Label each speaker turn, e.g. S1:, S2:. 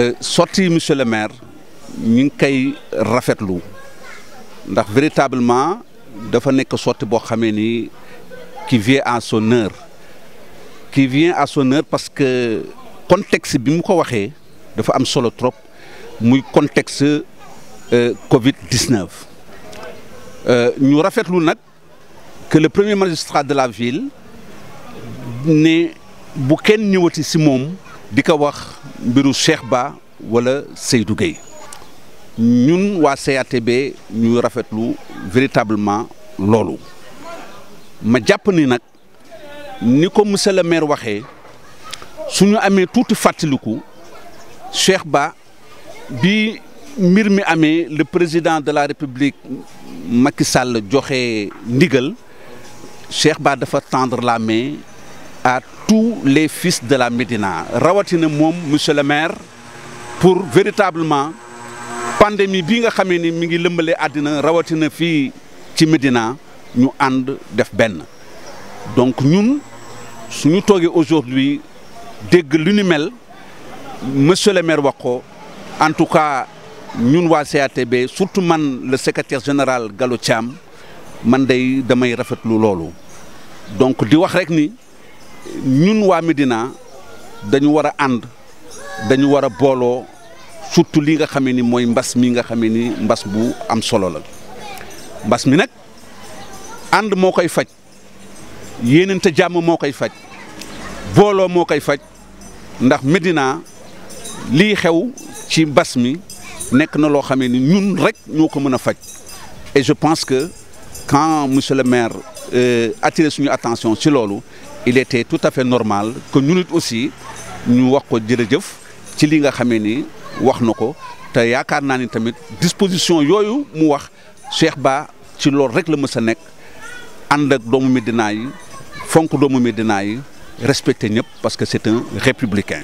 S1: Euh, sorti monsieur le maire ñu ngi koy rafetlu ndax véritablement dafa nekk sorti boo xamee ni qui vient à son heure qui vient à son heure parce que contexte bi mu ko waxee dafa am solo trop muy contexte euh, Covid 19. Euh, ñu rafetlu nag que le de la ville bu kenn ñëwati si moom di ko wax mbiru Cheikh Ba walla Seydou Gueye ñun waa CATB ñu rafetlu véritablement loolu ma jàpp ni nag ni ko monsieur le maire waxee suñu amee tuuti fàttaliku Cheikh Ba bi mbir mi amee le président de la république Macky Sall joxe ndigal Cheikh Ba dafa tendre la main à tous les fils de la Médina rawatina moom monsieur le maire pour véritablement pandémie bii nga xamee ni mi ngi lëmbalee àddina rawatina fii ci Médina ñu ànd def benn donc ñun suñu toogee aujourd'hui dégg lu ni mel monsieur le maire wax ko en tout cas ñun waa CATB surtout man le secrétaire général Gallo Thiam man day damay rafetlu loolu donc di wax rek ni ñun waa Médina dañu war a ànd dañu war a booloo surtout lii nga xamee ni mooy mbas mi nga xamee ni mbas bu am solo la mbas mi nag ànd moo koy faj yéenante jàmm moo koy faj booloo moo koy faj ndax Médina lii xew ci mbas mi nekk na loo xamee ni ñun rek ñoo ko mën a faj et je pense que quand monsieur le maire euh, attiré suñu attention si loolu il était tout à fait normal que ñun it aussi ñu wax ko jërëjëf ci li nga xamee ni wax na ko te yaakaar naa ni tamit disposition yooyu mu wax Cheikh Ba ci loolu rek la mës a nekk ànd ak doomu Médina yi fonk doomu Médina yi respecté ñëpp parce que c'est un républicain.